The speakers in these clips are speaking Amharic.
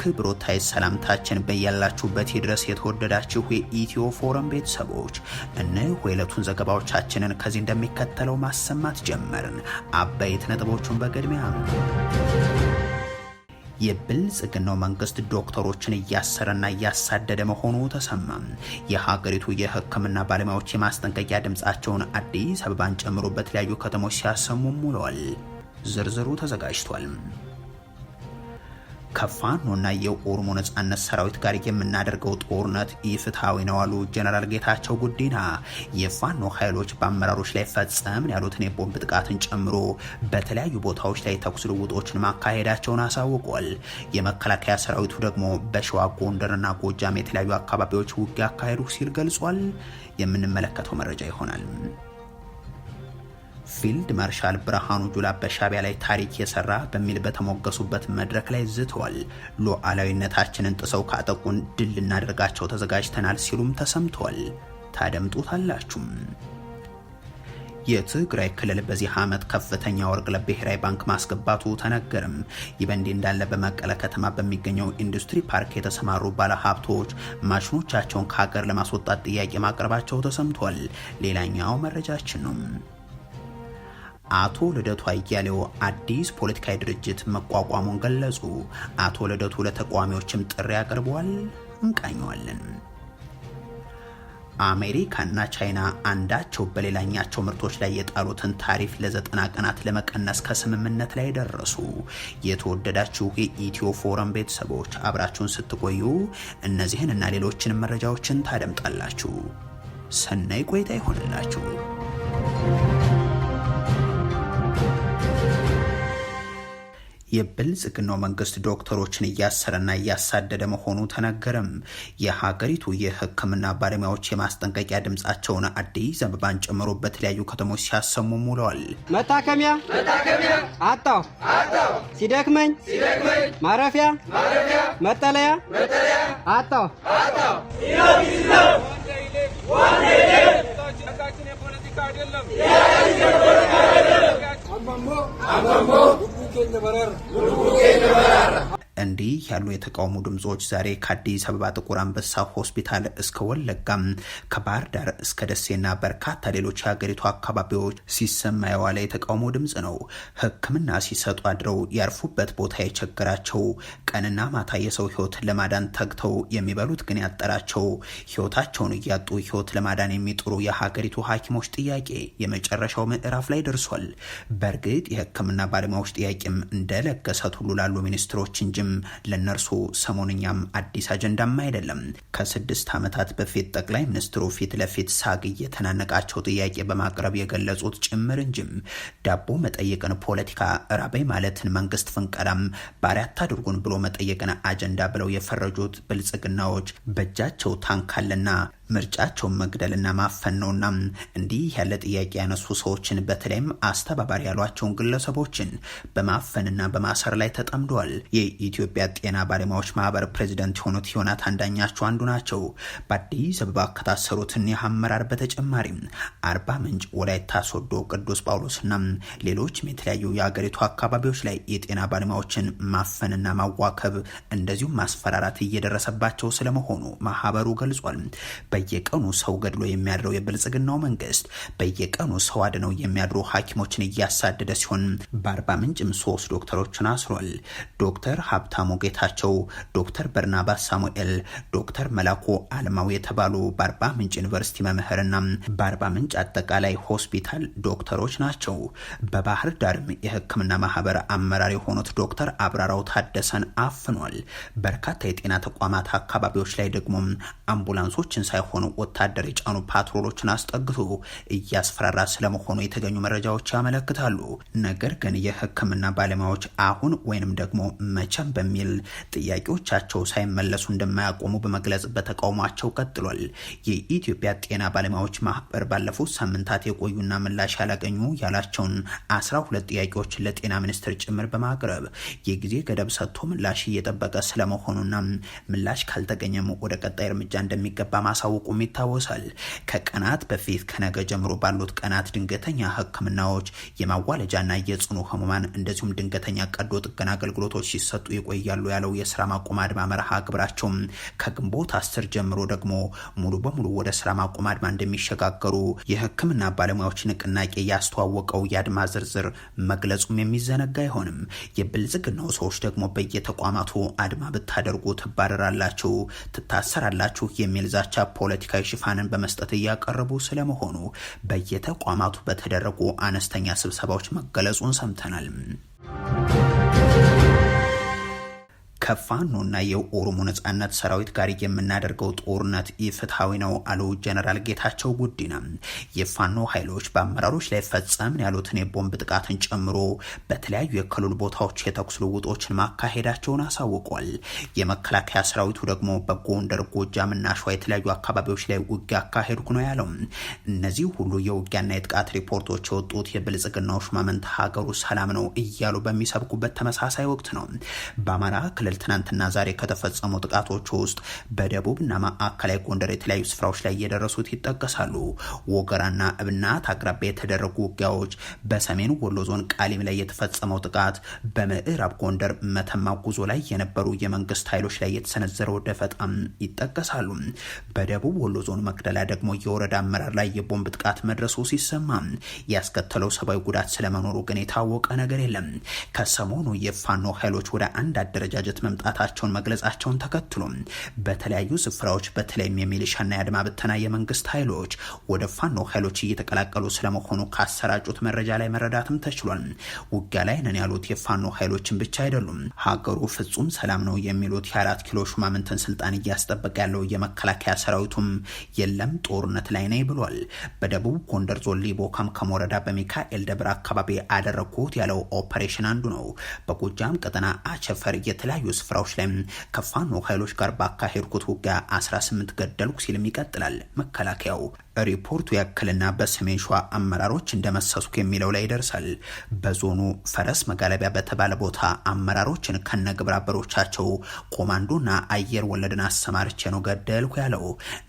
አክብሮታይ ሰላምታችን በያላችሁበት ድረስ የተወደዳችሁ የኢትዮ ፎረም ቤተሰቦች እነሆ የዕለቱን ዘገባዎቻችንን ከዚህ እንደሚከተለው ማሰማት ጀመርን። አበይት ነጥቦቹን በቅድሚያ የብልጽግናው መንግስት ዶክተሮችን እያሰረና እያሳደደ መሆኑ ተሰማ። የሀገሪቱ የሕክምና ባለሙያዎች የማስጠንቀቂያ ድምፃቸውን አዲስ አበባን ጨምሮ በተለያዩ ከተሞች ሲያሰሙም ውለዋል። ዝርዝሩ ተዘጋጅቷል። ከፋኖና የኦሮሞ ነጻነት ሰራዊት ጋር የምናደርገው ጦርነት ኢፍትሐዊ ነው አሉ ጀነራል ጌታቸው ጉዲና። የፋኖ ኃይሎች በአመራሮች ላይ ፈጸምን ያሉትን የቦምብ ጥቃትን ጨምሮ በተለያዩ ቦታዎች ላይ ተኩስ ልውጦችን ማካሄዳቸውን አሳውቋል። የመከላከያ ሰራዊቱ ደግሞ በሸዋ ጎንደርና ጎጃም የተለያዩ አካባቢዎች ውጊያ አካሄዱ ሲል ገልጿል። የምንመለከተው መረጃ ይሆናል። ፊልድ ማርሻል ብርሃኑ ጁላ በሻቢያ ላይ ታሪክ የሰራ በሚል በተሞገሱበት መድረክ ላይ ዝተዋል። ሉዓላዊነታችንን ጥሰው ካጠቁን ድል እናደርጋቸው ተዘጋጅተናል ሲሉም ተሰምተዋል። ታደምጡታላችሁም። የትግራይ ክልል በዚህ ዓመት ከፍተኛ ወርቅ ለብሔራዊ ባንክ ማስገባቱ ተነገርም። ይህ በእንዲህ እንዳለ በመቀለ ከተማ በሚገኘው ኢንዱስትሪ ፓርክ የተሰማሩ ባለሀብቶች ማሽኖቻቸውን ከሀገር ለማስወጣት ጥያቄ ማቅረባቸው ተሰምቷል። ሌላኛው መረጃችን ነው። አቶ ልደቱ አያሌው አዲስ ፖለቲካዊ ድርጅት መቋቋሙን ገለጹ። አቶ ልደቱ ለተቃዋሚዎችም ጥሪ አቅርበዋል። እንቃኘዋለን። አሜሪካና ቻይና አንዳቸው በሌላኛቸው ምርቶች ላይ የጣሉትን ታሪፍ ለዘጠና ቀናት ለመቀነስ ከስምምነት ላይ ደረሱ። የተወደዳችሁ የኢትዮ ፎረም ቤተሰቦች አብራችሁን ስትቆዩ እነዚህን እና ሌሎችንም መረጃዎችን ታደምጣላችሁ። ሰናይ ቆይታ ይሆንላችሁ። የብልጽግናው መንግስት ዶክተሮችን እያሰረና እያሳደደ መሆኑ ተነገረም። የሀገሪቱ የህክምና ባለሙያዎች የማስጠንቀቂያ ድምፃቸውን አዲስ አበባን ጨምሮ በተለያዩ ከተሞች ሲያሰሙ ውለዋል። መታከሚያ መታከሚያ ሲደክመኝ ሲደክመኝ፣ ማረፊያ ማረፊያ፣ መጠለያ መጠለያ አጣሁ አይደለም केंद्र भरर እንዲህ ያሉ የተቃውሞ ድምጾች ዛሬ ከአዲስ አበባ ጥቁር አንበሳ ሆስፒታል እስከ ወለጋም ከባህር ዳር እስከ ደሴና በርካታ ሌሎች የሀገሪቱ አካባቢዎች ሲሰማ የዋለ የተቃውሞ ድምፅ ነው። ሕክምና ሲሰጡ አድረው ያርፉበት ቦታ የቸገራቸው፣ ቀንና ማታ የሰው ህይወት ለማዳን ተግተው የሚበሉት ግን ያጠራቸው፣ ህይወታቸውን እያጡ ህይወት ለማዳን የሚጥሩ የሀገሪቱ ሐኪሞች ጥያቄ የመጨረሻው ምዕራፍ ላይ ደርሷል። በእርግጥ የሕክምና ባለሙያዎች ጥያቄም እንደለገሰት ሁሉ ላሉ ሚኒስትሮች እንጂም ለእነርሱ ሰሞንኛም አዲስ አጀንዳም አይደለም። ከስድስት ዓመታት በፊት ጠቅላይ ሚኒስትሩ ፊት ለፊት ሳግ እየተናነቃቸው ጥያቄ በማቅረብ የገለጹት ጭምር እንጂም ዳቦ መጠየቅን ፖለቲካ ራበይ ማለትን መንግስት ፍንቀዳም ባሪያት አድርጉን ብሎ መጠየቅን አጀንዳ ብለው የፈረጁት ብልጽግናዎች በእጃቸው ታንካልና ምርጫቸውን መግደልና ማፈን ነውና እንዲህ ያለ ጥያቄ ያነሱ ሰዎችን በተለይም አስተባባሪ ያሏቸውን ግለሰቦችን በማፈንና በማሰር ላይ ተጠምደዋል። የኢትዮጵያ ጤና ባለሙያዎች ማህበር ፕሬዚደንት የሆኑት ዮናታን ዳኛቸው አንዱ ናቸው። በአዲስ አበባ ከታሰሩት አመራር በተጨማሪም አርባ ምንጭ፣ ወላይታ ሶዶ፣ ቅዱስ ጳውሎስና ሌሎችም የተለያዩ የአገሪቱ አካባቢዎች ላይ የጤና ባለሙያዎችን ማፈንና ማዋከብ እንደዚሁም ማስፈራራት እየደረሰባቸው ስለመሆኑ ማህበሩ ገልጿል። በየቀኑ ሰው ገድሎ የሚያድረው የብልጽግናው መንግስት በየቀኑ ሰው አድነው የሚያድሩ ሐኪሞችን እያሳደደ ሲሆን በአርባ ምንጭም ሶስት ዶክተሮችን አስሯል። ዶክተር ሀብታሙ ጌታቸው፣ ዶክተር በርናባስ ሳሙኤል፣ ዶክተር መላኩ አልማው የተባሉ በአርባ ምንጭ ዩኒቨርሲቲ መምህርና በአርባ ምንጭ አጠቃላይ ሆስፒታል ዶክተሮች ናቸው። በባህር ዳርም የህክምና ማህበር አመራር የሆኑት ዶክተር አብራራው ታደሰን አፍኗል። በርካታ የጤና ተቋማት አካባቢዎች ላይ ደግሞ አምቡላንሶችን ሳይሆን ሳይሆን ወታደር የጫኑ ፓትሮሎችን አስጠግቶ እያስፈራራ ስለመሆኑ የተገኙ መረጃዎች ያመለክታሉ። ነገር ግን የሕክምና ባለሙያዎች አሁን ወይንም ደግሞ መቼም በሚል ጥያቄዎቻቸው ሳይመለሱ እንደማያቆሙ በመግለጽ በተቃውሟቸው ቀጥሏል። የኢትዮጵያ ጤና ባለሙያዎች ማህበር ባለፉት ሳምንታት የቆዩና ምላሽ ያላገኙ ያላቸውን አስራ ሁለት ጥያቄዎች ለጤና ሚኒስትር ጭምር በማቅረብ የጊዜ ገደብ ሰጥቶ ምላሽ እየጠበቀ ስለመሆኑና ምላሽ ካልተገኘም ወደ ቀጣይ እርምጃ እንደሚገባ ማሳወቅ ማሳወቁም ይታወሳል። ከቀናት በፊት ከነገ ጀምሮ ባሉት ቀናት ድንገተኛ ሕክምናዎች የማዋለጃና የጽኑ ህሙማን እንደዚሁም ድንገተኛ ቀዶ ጥገና አገልግሎቶች ሲሰጡ ይቆያሉ ያለው የስራ ማቆም አድማ መርሃ ግብራቸውም ከግንቦት አስር ጀምሮ ደግሞ ሙሉ በሙሉ ወደ ስራ ማቆም አድማ እንደሚሸጋገሩ የህክምና ባለሙያዎች ንቅናቄ ያስተዋወቀው የአድማ ዝርዝር መግለጹም የሚዘነጋ አይሆንም። የብልጽግናው ሰዎች ደግሞ በየተቋማቱ አድማ ብታደርጉ ትባረራላችሁ፣ ትታሰራላችሁ የሚል ዛቻ ፖለቲካዊ ሽፋንን በመስጠት እያቀረቡ ስለመሆኑ በየተቋማቱ በተደረጉ አነስተኛ ስብሰባዎች መገለጹን ሰምተናል። ከፋኖና የኦሮሞ ነጻነት ሰራዊት ጋር የምናደርገው ጦርነት ኢፍትሐዊ ነው አሉ ጀነራል ጌታቸው ጉዲና። የፋኖ ኃይሎች በአመራሮች ላይ ፈጸምን ያሉትን የቦምብ ጥቃትን ጨምሮ በተለያዩ የክልል ቦታዎች የተኩስ ልውጦችን ማካሄዳቸውን አሳውቋል። የመከላከያ ሰራዊቱ ደግሞ በጎንደር ጎጃምና ሸዋ የተለያዩ አካባቢዎች ላይ ውጊያ አካሄድኩ ነው ያለው። እነዚህ ሁሉ የውጊያና የጥቃት ሪፖርቶች የወጡት የብልጽግናው ሹማምንት ሀገሩ ሰላም ነው እያሉ በሚሰብኩበት ተመሳሳይ ወቅት ነው በአማራ ክልል ትናንትና ዛሬ ከተፈጸሙ ጥቃቶች ውስጥ በደቡብና ማዕከላዊ ጎንደር የተለያዩ ስፍራዎች ላይ እየደረሱት ይጠቀሳሉ። ወገራና እብናት አቅራቢያ የተደረጉ ውጊያዎች፣ በሰሜን ወሎ ዞን ቃሊም ላይ የተፈጸመው ጥቃት፣ በምዕራብ ጎንደር መተማ ጉዞ ላይ የነበሩ የመንግስት ኃይሎች ላይ የተሰነዘረው ደፈጣም ይጠቀሳሉ። በደቡብ ወሎ ዞን መቅደላ ደግሞ የወረዳ አመራር ላይ የቦምብ ጥቃት መድረሱ ሲሰማ ያስከተለው ሰብአዊ ጉዳት ስለመኖሩ ግን የታወቀ ነገር የለም። ከሰሞኑ የፋኖ ኃይሎች ወደ አንድ አደረጃጀት መምጣታቸውን መግለጻቸውን ተከትሎ በተለያዩ ስፍራዎች በተለይም የሚሊሻና የአድማ ብተና የመንግስት ኃይሎች ወደ ፋኖ ኃይሎች እየተቀላቀሉ ስለመሆኑ ካሰራጩት መረጃ ላይ መረዳትም ተችሏል። ውጊያ ላይ ነን ያሉት የፋኖ ኃይሎችን ብቻ አይደሉም። ሀገሩ ፍጹም ሰላም ነው የሚሉት የአራት ኪሎ ሹማምንትን ስልጣን እያስጠበቀ ያለው የመከላከያ ሰራዊቱም የለም ጦርነት ላይ ነኝ ብሏል። በደቡብ ጎንደር ዞን ሊቦ ከምከም ወረዳ በሚካኤል ደብር አካባቢ አደረግኩት ያለው ኦፐሬሽን አንዱ ነው። በጎጃም ቀጠና አቸፈር የተለያዩ በተለያዩ ስፍራዎች ላይ ከፋኖ ኃይሎች ጋር ባካሄድኩት ውጊያ 18 ገደልኩ ሲልም ይቀጥላል መከላከያው ሪፖርቱ ያክልና በሰሜን ሸዋ አመራሮች እንደመሰሱ የሚለው ላይ ይደርሳል። በዞኑ ፈረስ መጋለቢያ በተባለ ቦታ አመራሮችን ከነግብረ አበሮቻቸው ኮማንዶና አየር ወለድን አሰማርቼ ነው ገደልኩ ያለው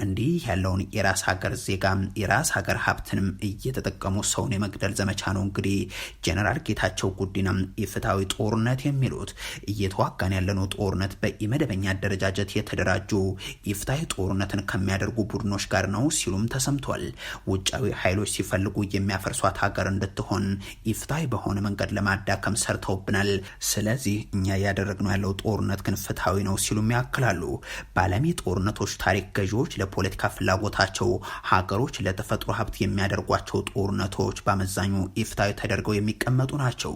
እንዲህ ያለውን የራስ ሀገር ዜጋም የራስ ሀገር ሀብትንም እየተጠቀሙ ሰውን የመግደል ዘመቻ ነው እንግዲህ ጀነራል ጌታቸው ጉዲናም የፍትሐዊ ጦርነት የሚሉት እየተዋጋን ያለነው ጦርነት በኢመደበኛ አደረጃጀት የተደራጁ የፍትሐዊ ጦርነትን ከሚያደርጉ ቡድኖች ጋር ነው ሲሉም ተሰምቷል። ተሰምቷል። ውጫዊ ኃይሎች ሲፈልጉ የሚያፈርሷት ሀገር እንድትሆን ኢፍትሐዊ በሆነ መንገድ ለማዳከም ሰርተውብናል። ስለዚህ እኛ እያደረግነው ያለው ጦርነት ግን ፍትሐዊ ነው ሲሉም ያክላሉ። በዓለም የጦርነቶች ታሪክ ገዢዎች ለፖለቲካ ፍላጎታቸው ሀገሮች ለተፈጥሮ ሀብት የሚያደርጓቸው ጦርነቶች በአመዛኙ ኢፍትሐዊ ተደርገው የሚቀመጡ ናቸው።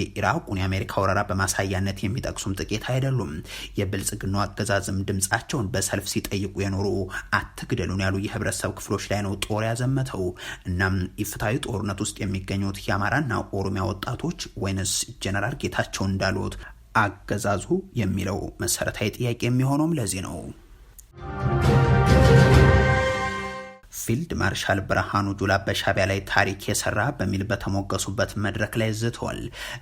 የኢራቁን የአሜሪካ ወረራ በማሳያነት የሚጠቅሱም ጥቂት አይደሉም። የብልጽግናው አገዛዝም ድምፃቸውን በሰልፍ ሲጠይቁ የኖሩ አትግደሉን ያሉ የህብረተሰብ ክፍሎች ላይ ጉዳይ ነው ጦር ያዘመተው። እናም ኢፍታዊ ጦርነት ውስጥ የሚገኙት የአማራና ኦሮሚያ ወጣቶች ወይንስ ጀነራል ጌታቸው እንዳሉት አገዛዙ የሚለው መሰረታዊ ጥያቄ የሚሆነውም ለዚህ ነው። ፊልድ ማርሻል ብርሃኑ ጁላ በሻቢያ ላይ ታሪክ የሰራ በሚል በተሞገሱበት መድረክ ላይ ዝቷል።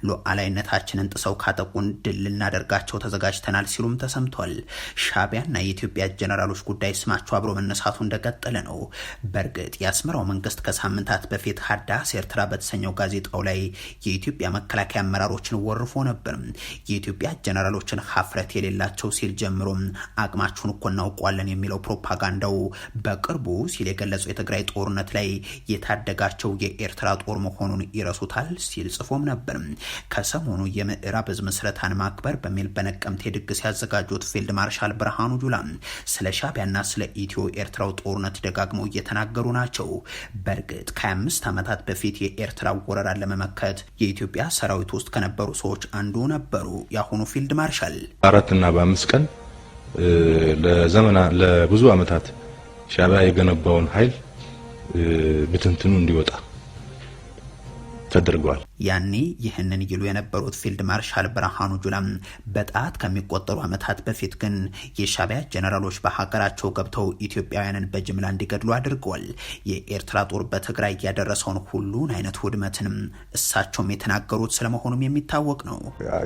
ሉዓላዊነታችንን ጥሰው ካጠቁን ድል ልናደርጋቸው ተዘጋጅተናል ሲሉም ተሰምቷል። ሻቢያና የኢትዮጵያ ጀነራሎች ጉዳይ ስማቸው አብሮ መነሳቱ እንደቀጠለ ነው። በእርግጥ የአስመራው መንግስት ከሳምንታት በፊት ሀዳስ ኤርትራ በተሰኘው ጋዜጣው ላይ የኢትዮጵያ መከላከያ አመራሮችን ወርፎ ነበር። የኢትዮጵያ ጀነራሎችን ሀፍረት የሌላቸው ሲል ጀምሮም አቅማችሁን እኮ እናውቋለን የሚለው ፕሮፓጋንዳው በቅርቡ ሲል በገለጸው የትግራይ ጦርነት ላይ የታደጋቸው የኤርትራ ጦር መሆኑን ይረሱታል ሲል ጽፎም ነበር። ከሰሞኑ የምዕራብ እዝ ምስረታን ማክበር በሚል በነቀምቴ ድግስ ያዘጋጁት ፊልድ ማርሻል ብርሃኑ ጁላ ስለ ሻቢያና ስለ ኢትዮ ኤርትራው ጦርነት ደጋግመው እየተናገሩ ናቸው። በእርግጥ ከአምስት ዓመታት በፊት የኤርትራ ወረራን ለመመከት የኢትዮጵያ ሰራዊት ውስጥ ከነበሩ ሰዎች አንዱ ነበሩ። የአሁኑ ፊልድ ማርሻል በአራትና በአምስት ቀን ለዘመና ለብዙ ዓመታት ሻቢያ የገነባውን ኃይል ብትንትኑ እንዲወጣ ተደርገዋል። ያኔ ይህንን ይሉ የነበሩት ፊልድ ማርሻል ብርሃኑ ጁላም በጣት ከሚቆጠሩ ዓመታት በፊት ግን የሻቢያ ጀነራሎች በሀገራቸው ገብተው ኢትዮጵያውያንን በጅምላ እንዲገድሉ አድርገዋል። የኤርትራ ጦር በትግራይ ያደረሰውን ሁሉን አይነት ውድመትንም እሳቸውም የተናገሩት ስለመሆኑም የሚታወቅ ነው።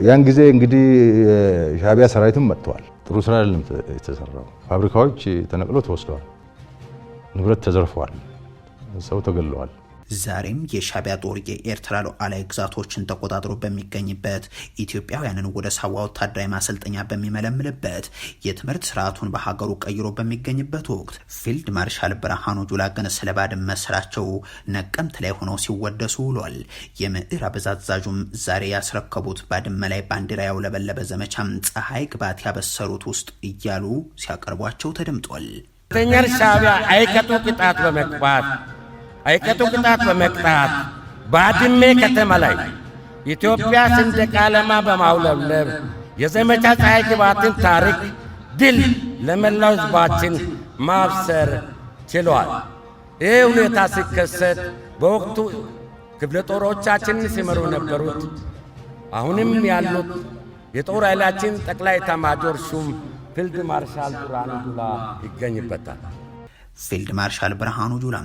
ያን ጊዜ እንግዲህ የሻቢያ ሰራዊትም መጥተዋል። ጥሩ ስራ አይደለም የተሰራው። ፋብሪካዎች ተነቅሎ ተወስደዋል። ንብረት ተዘርፈዋል፣ ሰው ተገለዋል። ዛሬም የሻቢያ ጦር የኤርትራ ሉዓላዊ ግዛቶችን ተቆጣጥሮ በሚገኝበት ኢትዮጵያውያንን ወደ ሳዋ ወታደራዊ ማሰልጠኛ በሚመለምልበት የትምህርት ስርዓቱን በሀገሩ ቀይሮ በሚገኝበት ወቅት ፊልድ ማርሻል ብርሃኑ ጁላ ግን ስለ ባድመ ስራቸው ነቀምት ላይ ሆነው ሲወደሱ ውሏል። የምዕራብ እዝ አዛዡም ዛሬ ያስረከቡት ባድመ ላይ ባንዲራ ያውለበለበ ዘመቻም ፀሐይ ግባት ያበሰሩት ውስጥ እያሉ ሲያቀርቧቸው ተደምጧል። ተኛር ሻዕቢያ አይቀጡ ቅጣት በመቅጣት አይቀጡ ቅጣት በመቅጣት ባድሜ ከተማ ላይ ኢትዮጵያ ሰንደቅ ዓላማ በማውለብለብ የዘመቻ ፀሐይ ግባትን ታሪክ ድል ለመላው ሕዝባችን ማብሰር ችሏል። ይህ ሁኔታ ሲከሰት በወቅቱ ክፍለ ጦሮቻችንን ሲመሩ ነበሩት። አሁንም ያሉት የጦር ኃይላችን ጠቅላይ ኤታማዦር ሹም ፊልድ ማርሻል ብርሃኑ ጁላ ይገኝበታል። ፊልድ ማርሻል ብርሃኑ ጁላ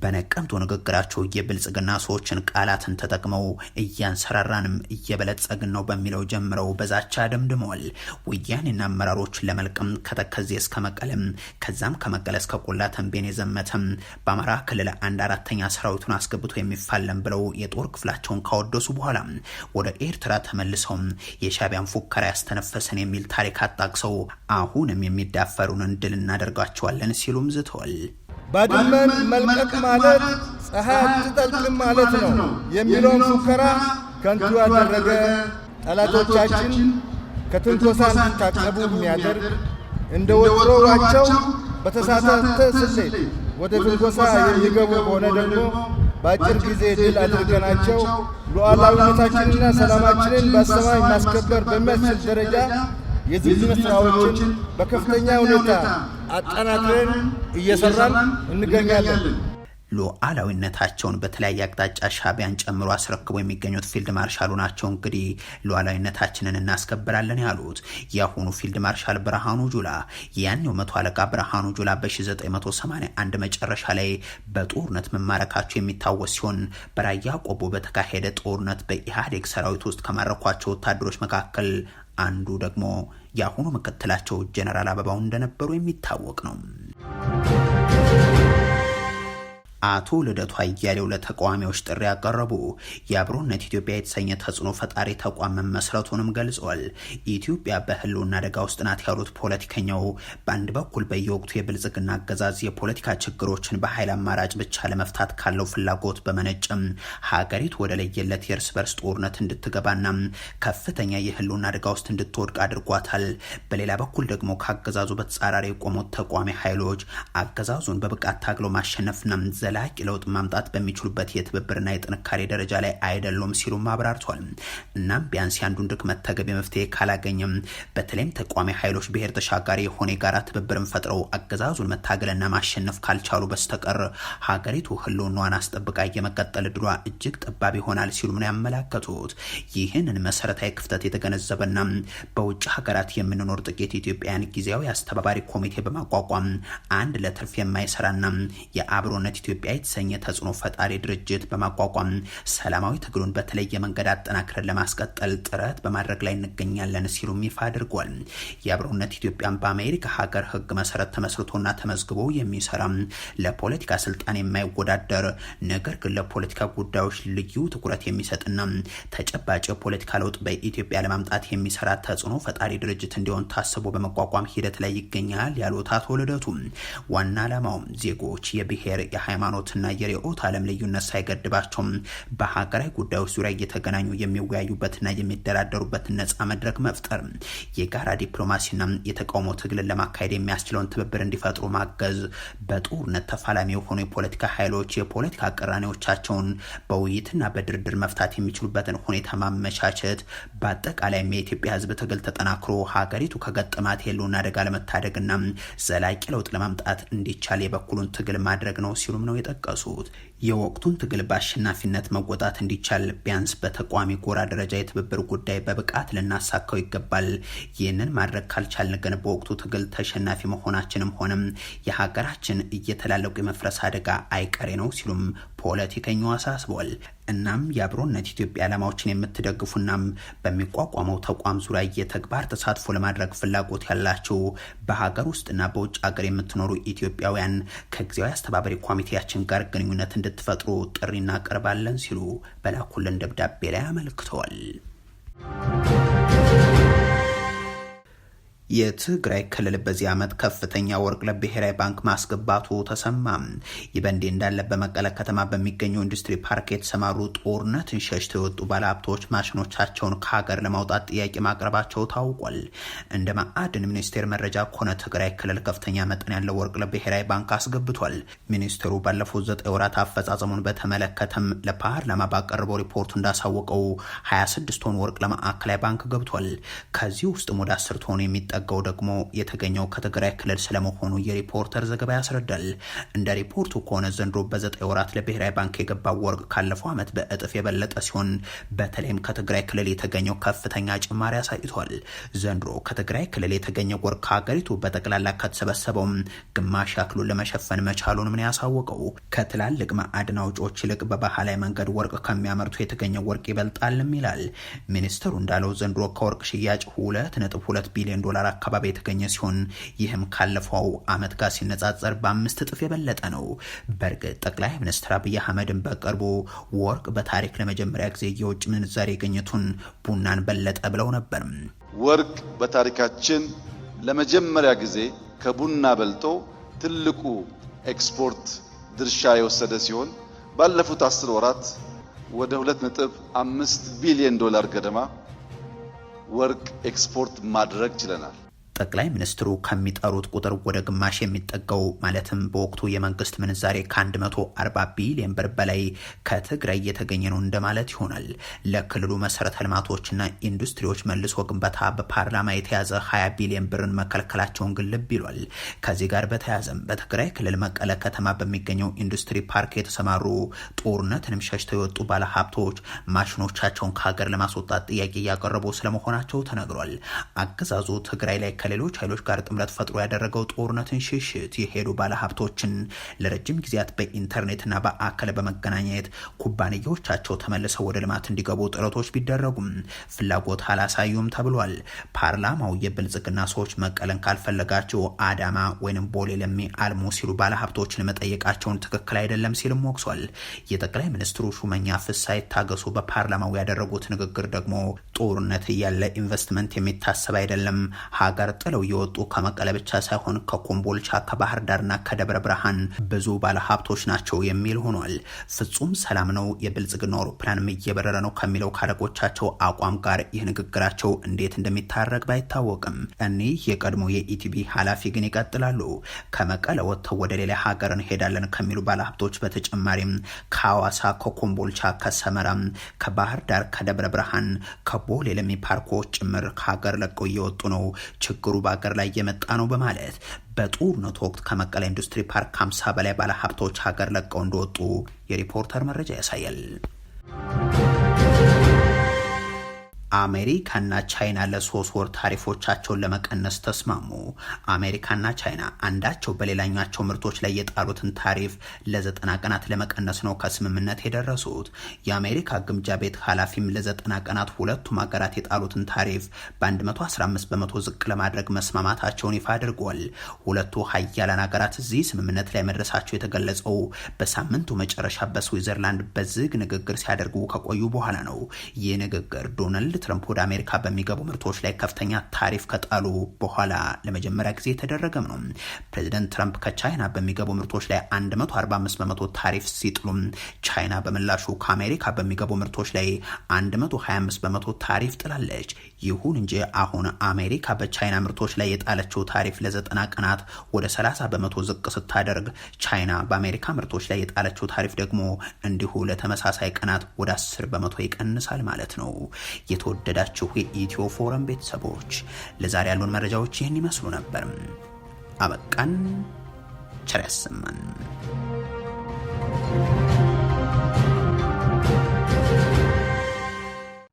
በነቀምቶ ንግግራቸው የብልጽግና ሰዎችን ቃላትን ተጠቅመው እያንሰራራንም እየበለጸግን ነው በሚለው ጀምረው በዛቻ ደምድመዋል። ወያኔና አመራሮች ለመልቀም ከተከዜ እስከ መቀለም ከዛም ከመቀለ እስከ ቆላ ተንቤን የዘመተም በአማራ ክልል አንድ አራተኛ ሰራዊቱን አስገብቶ የሚፋለም ብለው የጦር ክፍላቸውን ካወደሱ በኋላ ወደ ኤርትራ ተመልሰው የሻቢያን ፉከራ ያስተነፈሰን የሚል ታሪክ አጣቅሰው አሁንም የሚዳፈሩንን ድል እናደርጋቸዋለን ሲሉም ዝተዋል። ባድመን መልቀቅ ማለት ፀሐይ አትጠልቅም ማለት ነው የሚለውን ፉከራ ከንቱ ያደረገ ጠላቶቻችን ከትንኮሳ እንዲታቀቡ የሚያደርግ እንደ ወትሮዋቸው በተሳሳተ ስሌት ወደ ትንኮሳ የሚገቡ ከሆነ ደግሞ በአጭር ጊዜ ድል አድርገናቸው ሉዓላዊነታችንና ሰላማችንን በአስተማማኝ ማስከበር በሚያስችል ደረጃ የዝግጅት ስራዎችን በከፍተኛ ሁኔታ አጠናክረን እየሰራን እንገኛለን። ሉዓላዊነታቸውን በተለያየ አቅጣጫ ሻቢያን ጨምሮ አስረክቦ የሚገኙት ፊልድ ማርሻሉ ናቸው። እንግዲህ ሉዓላዊነታችንን እናስከብራለን ያሉት የአሁኑ ፊልድ ማርሻል ብርሃኑ ጁላ ያኔው መቶ አለቃ ብርሃኑ ጁላ በ1981 መጨረሻ ላይ በጦርነት መማረካቸው የሚታወስ ሲሆን በራያ ቆቦ በተካሄደ ጦርነት በኢህአዴግ ሰራዊት ውስጥ ከማረኳቸው ወታደሮች መካከል አንዱ ደግሞ የአሁኑ ምክትላቸው ጀነራል አበባው እንደነበሩ የሚታወቅ ነው። አቶ ልደቱ አያሌው ለተቃዋሚዎች ጥሪ ያቀረቡ የአብሮነት ኢትዮጵያ የተሰኘ ተጽዕኖ ፈጣሪ ተቋም መመስረቱንም ገልጿል። ኢትዮጵያ በህልውና አደጋ ውስጥ ናት ያሉት ፖለቲከኛው በአንድ በኩል በየወቅቱ የብልጽግና አገዛዝ የፖለቲካ ችግሮችን በኃይል አማራጭ ብቻ ለመፍታት ካለው ፍላጎት በመነጭም ሀገሪቱ ወደ ለየለት የእርስ በርስ ጦርነት እንድትገባና ከፍተኛ የህልውና አደጋ ውስጥ እንድትወድቅ አድርጓታል። በሌላ በኩል ደግሞ ከአገዛዙ በተጻራሪ የቆሙት ተቋሚ ኃይሎች አገዛዙን በብቃት ታግለው ማሸነፍና ዘላቂ ለውጥ ማምጣት በሚችሉበት የትብብርና የጥንካሬ ደረጃ ላይ አይደሉም ሲሉም አብራርቷል። እናም ቢያንስ የአንዱን ድክመት ተገቢ መፍትሄ ካላገኘም በተለይም ተቋሚ ኃይሎች ብሔር ተሻጋሪ የሆነ የጋራ ትብብርን ፈጥረው አገዛዙን መታገልና ማሸነፍ ካልቻሉ በስተቀር ሀገሪቱ ህልውናዋን አስጠብቃ የመቀጠል እድሏ እጅግ ጠባብ ይሆናል ሲሉም ነው ያመላከቱት። ይህንን መሰረታዊ ክፍተት የተገነዘበና በውጭ ሀገራት የምንኖር ጥቂት ኢትዮጵያውያን ጊዜያዊ አስተባባሪ ኮሚቴ በማቋቋም አንድ ለትርፍ የማይሰራና የአብሮነት ኢትዮጵያ የተሰኘ ተጽዕኖ ፈጣሪ ድርጅት በማቋቋም ሰላማዊ ትግሉን በተለየ መንገድ አጠናክረን ለማስቀጠል ጥረት በማድረግ ላይ እንገኛለን ሲሉም ይፋ አድርጓል። የአብሮነት ኢትዮጵያን በአሜሪካ ሀገር ህግ መሰረት ተመስርቶና ተመዝግቦ የሚሰራ ለፖለቲካ ስልጣን የማይወዳደር ነገር ግን ለፖለቲካ ጉዳዮች ልዩ ትኩረት የሚሰጥና ተጨባጭ የፖለቲካ ለውጥ በኢትዮጵያ ለማምጣት የሚሰራ ተጽዕኖ ፈጣሪ ድርጅት እንዲሆን ታስቦ በመቋቋም ሂደት ላይ ይገኛል ያሉት አቶ ልደቱ ዋና ዓላማውም ዜጎች የብሔር የሃይማኖት የሃይማኖትና የርዕዮተ ዓለም ልዩነት ሳይገድባቸውም በሀገራዊ ጉዳዮች ዙሪያ እየተገናኙ የሚወያዩበትና የሚደራደሩበት ነፃ መድረክ መፍጠር፣ የጋራ ዲፕሎማሲና የተቃውሞ ትግልን ለማካሄድ የሚያስችለውን ትብብር እንዲፈጥሩ ማገዝ፣ በጦርነት ተፋላሚ የሆኑ የፖለቲካ ኃይሎች የፖለቲካ ቅራኔዎቻቸውን በውይይትና በድርድር መፍታት የሚችሉበትን ሁኔታ ማመቻቸት፣ በአጠቃላይም የኢትዮጵያ ህዝብ ትግል ተጠናክሮ ሀገሪቱ ከገጠማት የህልውና አደጋ ለመታደግና ዘላቂ ለውጥ ለማምጣት እንዲቻል የበኩሉን ትግል ማድረግ ነው ሲሉም ነው ነው የጠቀሱት የወቅቱን ትግል በአሸናፊነት መወጣት እንዲቻል ቢያንስ በተቋሚ ጎራ ደረጃ የትብብር ጉዳይ በብቃት ልናሳካው ይገባል። ይህንን ማድረግ ካልቻልን ግን በወቅቱ ትግል ተሸናፊ መሆናችንም ሆነም የሀገራችን እየተላለቁ የመፍረስ አደጋ አይቀሬ ነው ሲሉም ፖለቲከኛው አሳስቧል። እናም የአብሮነት ኢትዮጵያ ዓላማዎችን የምትደግፉናም በሚቋቋመው ተቋም ዙሪያ የተግባር ተሳትፎ ለማድረግ ፍላጎት ያላችሁ በሀገር ውስጥና በውጭ ሀገር የምትኖሩ ኢትዮጵያውያን ከጊዜያዊ አስተባባሪ ኮሚቴያችን ጋር ግንኙነት እንድ እንድትፈጥሩ ጥሪ እናቀርባለን ሲሉ በላኩልን ደብዳቤ ላይ አመልክተዋል። የትግራይ ክልል በዚህ ዓመት ከፍተኛ ወርቅ ለብሔራዊ ባንክ ማስገባቱ ተሰማ። ይህ በእንዲህ እንዳለ በመቀለ ከተማ በሚገኘው ኢንዱስትሪ ፓርክ የተሰማሩ ጦርነትን ሸሽተው የወጡ ባለሀብቶች ማሽኖቻቸውን ከሀገር ለማውጣት ጥያቄ ማቅረባቸው ታውቋል። እንደ ማዕድን ሚኒስቴር መረጃ ከሆነ ትግራይ ክልል ከፍተኛ መጠን ያለው ወርቅ ለብሔራዊ ባንክ አስገብቷል። ሚኒስቴሩ ባለፉት ዘጠኝ ወራት አፈጻጸሙን በተመለከተም ለፓርላማ ባቀረበው ሪፖርቱ እንዳሳወቀው 26 ቶን ወርቅ ለማዕከላዊ ባንክ ገብቷል። ከዚህ ውስጥም ወደ 10 ቶን የሚጠ የሚጠጋው ደግሞ የተገኘው ከትግራይ ክልል ስለመሆኑ የሪፖርተር ዘገባ ያስረዳል። እንደ ሪፖርቱ ከሆነ ዘንድሮ በዘጠኝ ወራት ለብሔራዊ ባንክ የገባው ወርቅ ካለፈው ዓመት በእጥፍ የበለጠ ሲሆን በተለይም ከትግራይ ክልል የተገኘው ከፍተኛ ጭማሪ አሳይቷል። ዘንድሮ ከትግራይ ክልል የተገኘው ወርቅ ከሀገሪቱ በጠቅላላ ከተሰበሰበውም ግማሽ ያክሉን ለመሸፈን መቻሉን ምን ያሳወቀው ከትላልቅ ማዕድን አውጪዎች ይልቅ በባህላዊ መንገድ ወርቅ ከሚያመርቱ የተገኘው ወርቅ ይበልጣልም ይላል ሚኒስትሩ። እንዳለው ዘንድሮ ከወርቅ ሽያጭ ሁለት ነጥብ ሁለት ቢሊዮን ዶላር ዶላር አካባቢ የተገኘ ሲሆን ይህም ካለፈው አመት ጋር ሲነጻጸር በአምስት እጥፍ የበለጠ ነው። በእርግጥ ጠቅላይ ሚኒስትር አብይ አህመድን በቅርቡ ወርቅ በታሪክ ለመጀመሪያ ጊዜ የውጭ ምንዛሬ የገኘቱን ቡናን በለጠ ብለው ነበር። ወርቅ በታሪካችን ለመጀመሪያ ጊዜ ከቡና በልጦ ትልቁ ኤክስፖርት ድርሻ የወሰደ ሲሆን ባለፉት አስር ወራት ወደ ሁለት ነጥብ አምስት ቢሊዮን ዶላር ገደማ ወርቅ ኤክስፖርት ማድረግ ችለናል። ጠቅላይ ሚኒስትሩ ከሚጠሩት ቁጥር ወደ ግማሽ የሚጠጋው ማለትም በወቅቱ የመንግስት ምንዛሬ ከ140 ቢሊዮን ብር በላይ ከትግራይ እየተገኘ ነው እንደማለት ይሆናል። ለክልሉ መሰረተ ልማቶችና ኢንዱስትሪዎች መልሶ ግንባታ በፓርላማ የተያዘ 20 ቢሊዮን ብርን መከልከላቸውን ግልብ ይሏል። ከዚህ ጋር በተያያዘም በትግራይ ክልል መቀለ ከተማ በሚገኘው ኢንዱስትሪ ፓርክ የተሰማሩ ጦርነትንም ሸሽተው የወጡ ባለሀብቶች ማሽኖቻቸውን ከሀገር ለማስወጣት ጥያቄ እያቀረቡ ስለመሆናቸው ተነግሯል። አገዛዙ ትግራይ ላይ ከሌሎች ኃይሎች ጋር ጥምረት ፈጥሮ ያደረገው ጦርነትን ሽሽት የሄዱ ባለሀብቶችን ለረጅም ጊዜያት በኢንተርኔትና በአካል በመገናኘት ኩባንያዎቻቸው ተመልሰው ወደ ልማት እንዲገቡ ጥረቶች ቢደረጉም ፍላጎት አላሳዩም ተብሏል። ፓርላማው የብልጽግና ሰዎች መቀለን ካልፈለጋቸው አዳማ ወይም ቦሌ ለሚ አልሙ ሲሉ ባለሀብቶችን መጠየቃቸውን ትክክል አይደለም ሲልም ወቅሷል። የጠቅላይ ሚኒስትሩ ሹመኛ ፍስሐ ይታገሱ በፓርላማው ያደረጉት ንግግር ደግሞ ጦርነት እያለ ኢንቨስትመንት የሚታሰብ አይደለም፣ ሀገር ጥለው የወጡ ከመቀለ ብቻ ሳይሆን ከኮምቦልቻ ከባህር ዳርና ከደብረ ብርሃን ብዙ ባለሀብቶች ናቸው የሚል ሆኗል። ፍጹም ሰላም ነው የብልጽግና አውሮፕላንም እየበረረ ነው ከሚለው ካለቆቻቸው አቋም ጋር ይህ ንግግራቸው እንዴት እንደሚታረግ ባይታወቅም እኒህ የቀድሞ የኢቲቢ ኃላፊ ግን ይቀጥላሉ። ከመቀለ ወጥተው ወደ ሌላ ሀገር እንሄዳለን ከሚሉ ባለሀብቶች በተጨማሪም ከሐዋሳ፣ ከኮምቦልቻ፣ ከሰመራ፣ ከባህር ዳር፣ ከደብረ ብርሃን፣ ከቦሌ ለሚ ፓርኮች ጭምር ከሀገር ለቀው እየወጡ ነው። ችግሩ በሀገር ላይ የመጣ ነው በማለት በጦርነቱ ወቅት ከመቀለ ኢንዱስትሪ ፓርክ ከ50 በላይ ባለሀብቶች ሀገር ለቀው እንደወጡ የሪፖርተር መረጃ ያሳያል። አሜሪካና ቻይና ለሶስት ወር ታሪፎቻቸውን ለመቀነስ ተስማሙ። አሜሪካና ቻይና አንዳቸው በሌላኛቸው ምርቶች ላይ የጣሉትን ታሪፍ ለዘጠና ቀናት ለመቀነስ ነው ከስምምነት የደረሱት። የአሜሪካ ግምጃ ቤት ኃላፊም ለዘጠና ቀናት ሁለቱም ሀገራት የጣሉትን ታሪፍ በ115 በመቶ ዝቅ ለማድረግ መስማማታቸውን ይፋ አድርጓል። ሁለቱ ሀያላን ሀገራት እዚህ ስምምነት ላይ መድረሳቸው የተገለጸው በሳምንቱ መጨረሻ በስዊዘርላንድ በዝግ ንግግር ሲያደርጉ ከቆዩ በኋላ ነው። ይህ ንግግር ዶናልድ ትረምፕ ወደ አሜሪካ በሚገቡ ምርቶች ላይ ከፍተኛ ታሪፍ ከጣሉ በኋላ ለመጀመሪያ ጊዜ የተደረገም ነው። ፕሬዚደንት ትረምፕ ከቻይና በሚገቡ ምርቶች ላይ 145 በመቶ ታሪፍ ሲጥሉም ቻይና በምላሹ ከአሜሪካ በሚገቡ ምርቶች ላይ 125 በመቶ ታሪፍ ጥላለች። ይሁን እንጂ አሁን አሜሪካ በቻይና ምርቶች ላይ የጣለችው ታሪፍ ለዘጠና ቀናት ወደ 30 በመቶ ዝቅ ስታደርግ ቻይና በአሜሪካ ምርቶች ላይ የጣለችው ታሪፍ ደግሞ እንዲሁ ለተመሳሳይ ቀናት ወደ 10 በመቶ ይቀንሳል ማለት ነው። የተወደዳችሁ የኢትዮ ፎረም ቤተሰቦች ለዛሬ ያሉን መረጃዎች ይህን ይመስሉ ነበር። አበቃን። ቸር ያሰማን።